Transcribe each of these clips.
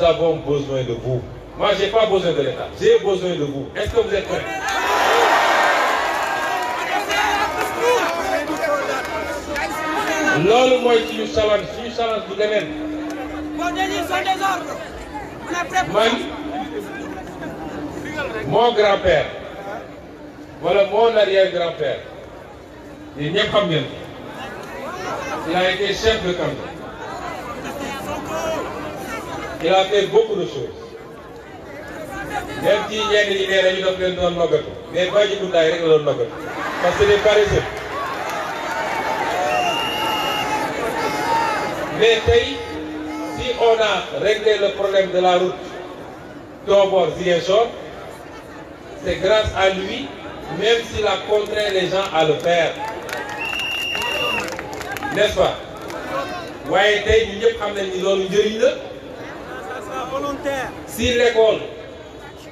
nous avons besoin de vous. Moi, je n'ai pas besoin de l'État. J'ai besoin de vous. Est-ce que vous êtes prêts loolu mooy suñu challenge suñu challenge du leneen. man mon grand-père wala mon arrière-grand-père yéen ñëpp xam ngeen il a été chef de canton. il a fait beaucoup de choses même ci ñenn ñi nee nañu daf leen doon noggatu mais Badji la doon parce que les paresseux mais tey si on a réglé le problème de la route Tobor-Ziguinchor c'est grâce à lui même s'il a contraint les gens à le faire n'est-ce pas waaye tey ñu ñëpp xam nañ ni loolu njëriñ la. Si l'école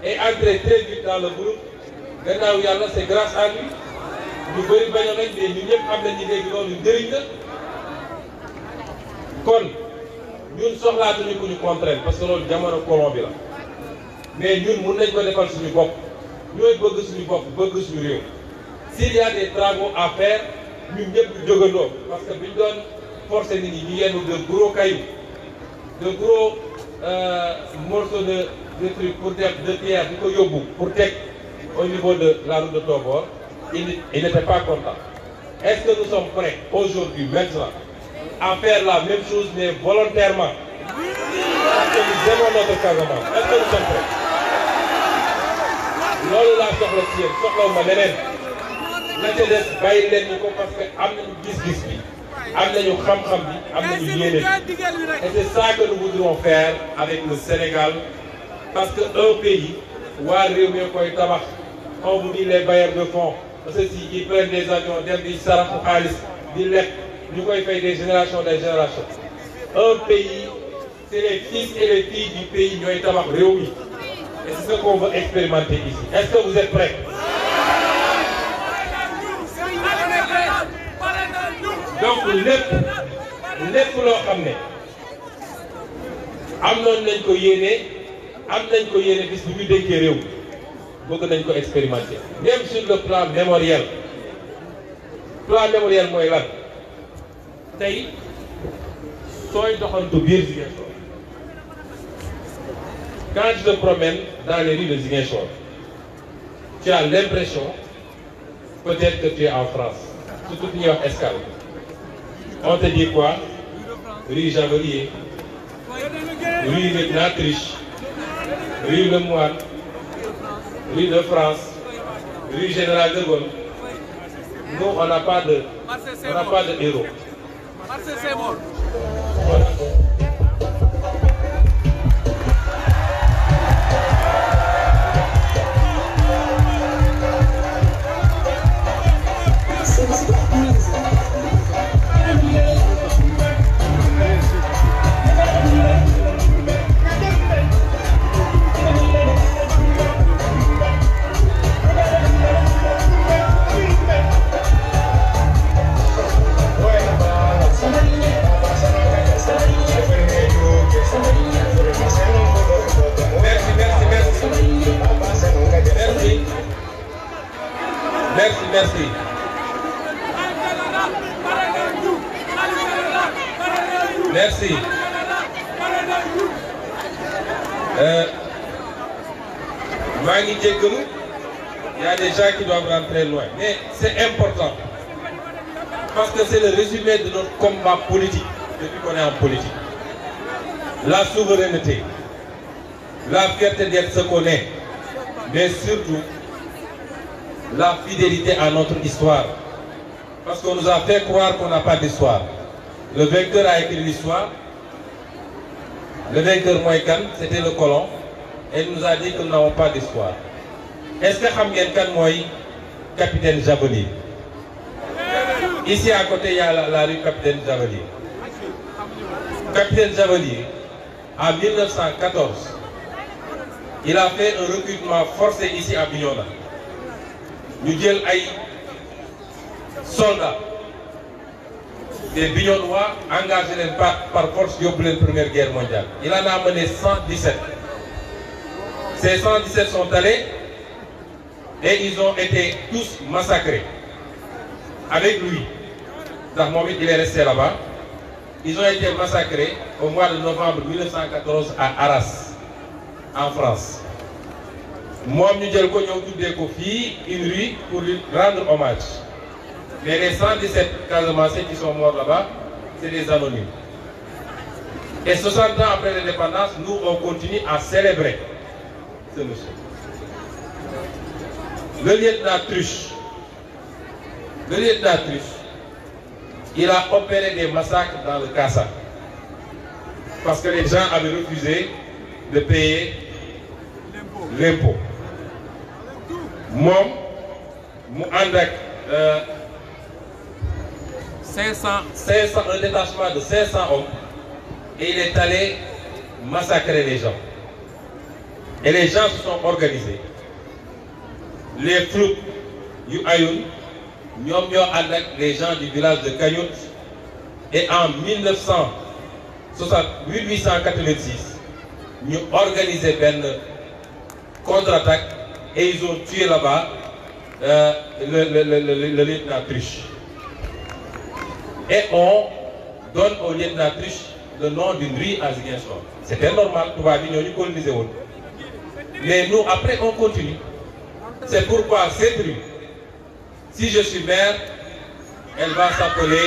est entrée très vite dans le gannaaw yàlla c'est grâce à lui ñu bëri bañoon nañ mais ñun ñëpp am nañu léegi loolu njëriñ la kon ñun soxlaatuñu ku ñu contraindre parce loolu jamono colon bi la mais ñun mun nañ ko defal suñu bopp ñooy bëgg suñu bopp bëgg suñu réew. s'il y a des ñu jógandoo parce que biñ doon forcer nit ñi ñu yenn de gros cailloux de gros. Euh, morceau de de truc pour teg de pierre di ko yóbbu pour teg au niveau de la route de Tobor il il n'était pas content est-ce que nous sommes prêts aujourd'hui maintenant à faire la même chose mais volontairement parce que nous loolu laa soxla ci yéen soxlawu ma leneen des bàyyi leen ko parce que am nañu gis-gis bi am nañu xam-xam bi am nañu yéene bi et c'est ça que nous voudrons faire avec le Sénégal parce que un pays waa réew mi koy tabax on vous dit les bailleurs de fonds ceux-ci ils prennent des avions dem di saraxu xaalis di lekk ñu koy fay des générations des générations un pays c'est les fils et les pays ñooy tabax réew mi est-ce que vous êtes prêts donc lépp lépp loo xam ne am noonu nañ ko yéene am nañ ko yéene bis bu ñu dénkee réew bëgg nañ ko expérimenter même sur le plan mémoriel plan mémoriel mooy lan tey sooy doxantu biir Ziguinchor quand je te dans les rues de Ziguinchor tu l'impression peut-être que tu en France surtout ñuy wax escale On te dit quoi Rue Javelier, rue Lieutenant Triche, rue Le Moine, rue de France, rue Général de Gaulle. Nous, on n'a de, on Il y a des gens qui doivent rentrer loin. Mais c'est important. Parce que c'est le résumé de notre combat politique, depuis La souveraineté, la fierté d'être ce qu'on est, mais surtout la fidélité à notre histoire. Parce qu'on nous a fait croire qu'on n'a pas d'histoire. Le vainqueur a écrit l'histoire. Le vainqueur Moïkan, c'était le colon. Et nous a dit que nous n'avons pas d'histoire. est xam ngeen kan mooy capitaine Jaboli ici à côté y a la, la rue capitaine Jaboli capitaine Jaboli en il a fait un recrutement forcé ici à Bignona ñu jël ay soldats des Bignonois engagé leen par par force yóbbu leen première guerre mondiale il en a mené 117 ces 117 sont allés et ils ont été tous massacrés avec lui ndax moom it il est resté là-bas ils ont été massacrés au mois de novembre à Arras en France moom ñu jël ko ñëw tuddee ko fii une rue pour lui rendre hommage mais les 117 Casamançais qui sont morts là-bas c'est des anonymes et 60 ans après l'indépendance nous on continue en célébrer ce monsieur le lieutenant Truche, le lieutenant Truche, il a opéré des massacres dans le Kassa. Parce que les gens avaient refusé de payer l'impôt. moom mu ànd ak. 500 euh, 500 un détachement de 500 hommes. et il est allé massacrer les gens. et les gens se sont organisés. les clubs yu ayul ñoom ñoo ànd ak les gens du village de Kagnout et en 1886 ñu organiser benn contre-attaque et ils ont tué là-bas euh, le le le le le lieutenant Triche le on donne au lieutenant Triche le nom d'une rue à Ziguinchor c'était normal tubaab yi ñoo ñu coloniser woon mais nous après on continue. C'est pourquoi cette rue, si je suis maire, va s'appeler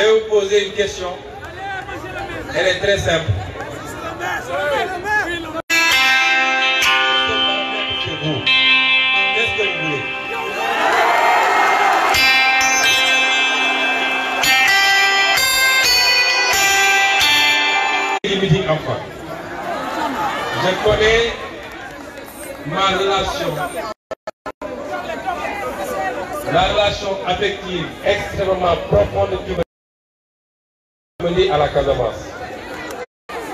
Je vous poser une question. Elle est très simple. Je connais ma relation, la relation affective extrêmement profonde du à la Casamance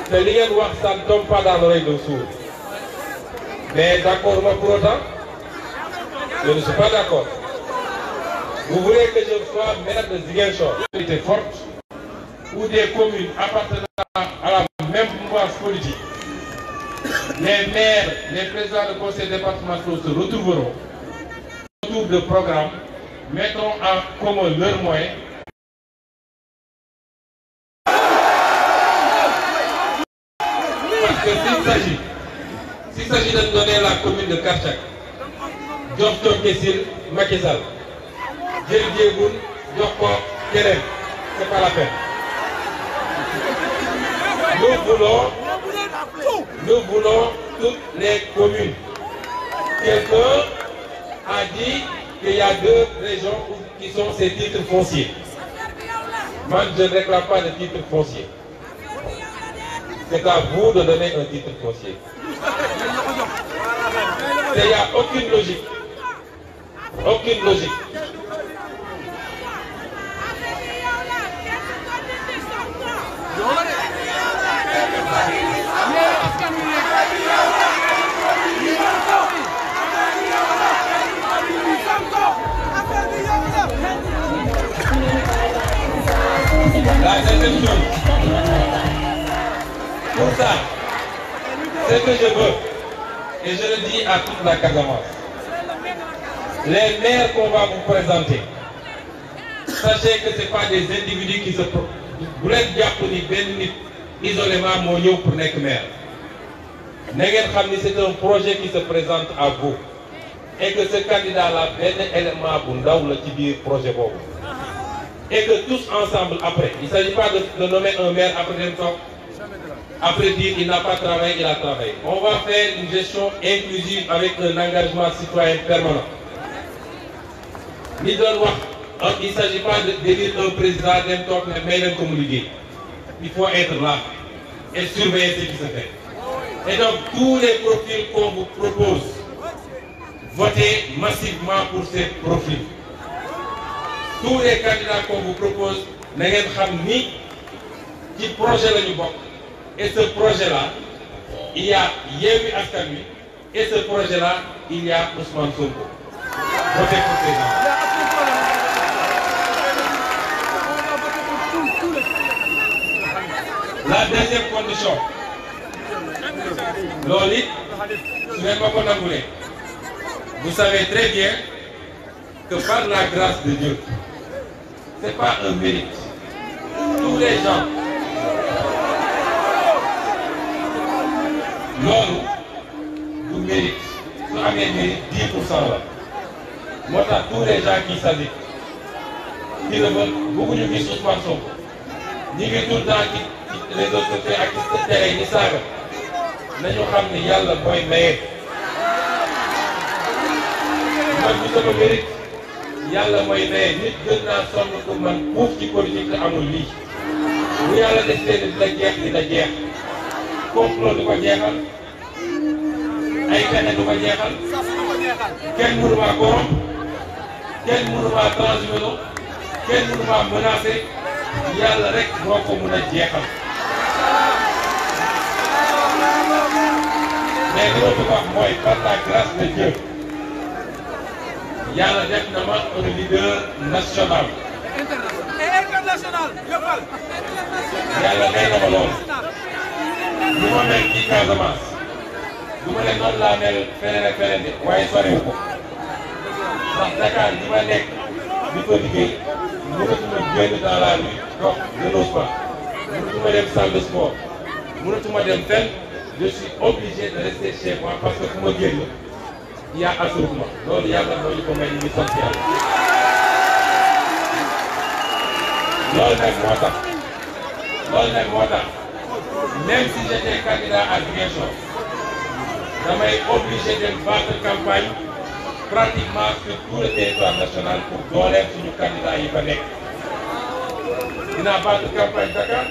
te li ngeen wax ça ne tombe pas dans l'oreille d'un sourd mais d'accord ma pour autant je ne suis pas d'accord vous voulez que je sois maire de Ziguinchor était forte ou des communes appartenant à la même mouvance politique les maires les présidents de conseils départementaux se retrouveront autour de programmes mettront en commun leurs moyens que s'il s'agit s'il s'agit de donner la commune de Karchak jox Thionck Essyl Macky Sall jël jéegul c'est pas la peine nous voulons toutes les communes quelqu'un a dit qu'il y a deux régions qui sont ces titres fonciers moi ne réclame pas de titres fonciers c'est à vous de donner un titre foncier. te il n'y a aucune logique aucune logique. La deuxième chose. Pour ça, ce que je veux, et je le dis à toute la Casamance, les maires qu'on va vous présenter, sachez que ce n'est pas des individus qui se... bu leen jàpp ni benn nit isolément moo ñëw pour nekk maire na ngeen xam ni c'est un projet qui se présente à vous et que ce candidat là benn élément bu ndaw la ci biir projet boobu et que tous ensemble après il s'agit pas de, de nommer un maire après dem toog Après dire il n'a pas travaillé, il a travaillé. On va faire une gestion inclusive avec un engagement citoyen permanent. li doon wax il s'agit pas de d'élire un président dem toog ne may leen ko mu liggéey il faut être là et surveiller se fait et donc tous les profils qu'on vous propose votez massivement pour ces profils tous les candidats qu'on vous propose na xam ni ci projet la ñu bokk Et ce projet-là, il y a Yévi Askami, et ce projet-là, il y a Ousmane Sonko. Votez pour ces gens. La deuxième condition, Loli, vous savez très bien que par la grâce de Dieu, ce pas un mérite. Tous les gens loolu du mérite su amee mérite 10 pour la moo tax tous les gens qui s'agitent ci la ba bëgguñu ñi ngi tout le temps ci ci réseaux ak ci télé yi saaga nañu xam ni yàlla mooy maye. man bu sama mérite yàlla mooy maye nit gën naa sonn pour man puuf ci politique te amul lii bu yàlla def seen i dina jeex dina jeex. complot du ko jeexal ay pexe du ko jeexal kenn mënu korom kenn mënu maa transhumé kenn mënu maa menacé yàlla rek ko mën a jeexal. mais li ma ko wax mooy par la grâce de Dieu yàlla def na ma un leader national. international yàlla may na ma du ma mel ci Casamance du ma ne noonu laa mel feneen ak waaye sorewu ko ndax Dakar li ma nekk di ko liggéey mënatuma génn dans la rue donc je n'ose pas mënatuma dem salle de sport mënatuma dem fenn je suis obligé de rester chez moi parce que fu ma génn il y a assouvement loolu yàlla moo ñu ko may ñu ngi loolu nag moo tax même si j'étais candidat à Ziguinchor damay obligé de battre campagne pratiquement sur tout le territoire national pour dooleel suñu candidat yi fa nekk dinaa battre campagne Dakar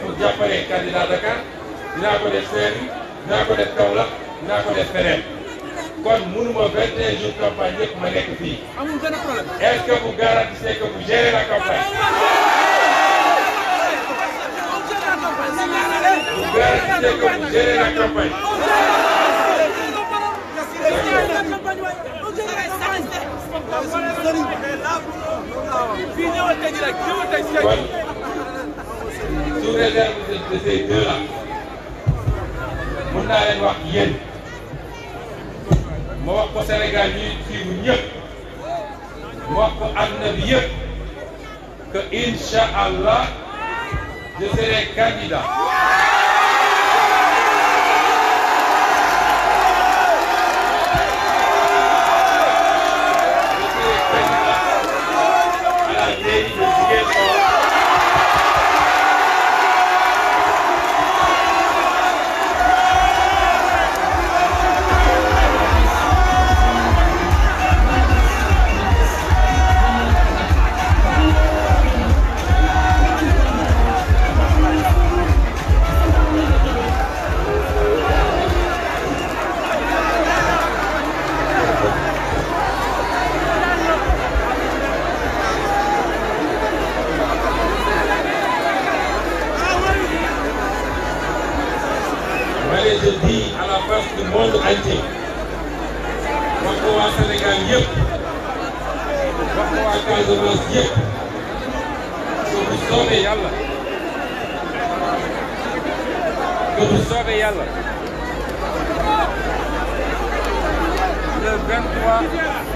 pour jàppale candidat Dakar dinaa ko def Saint-Louis ko def Kaolack dinaa ko def feneen kon mënuma 21 jours campagne yëpp ma nekk fii est-ce que vous garantissez que vous gérez Gérer la campagne. Voilà. Sous réserve de ces naa leen wax yéen ma ko Sénégal ñuy suivre ñëpp ma wax ko àdduna bi yëpp que incha le 23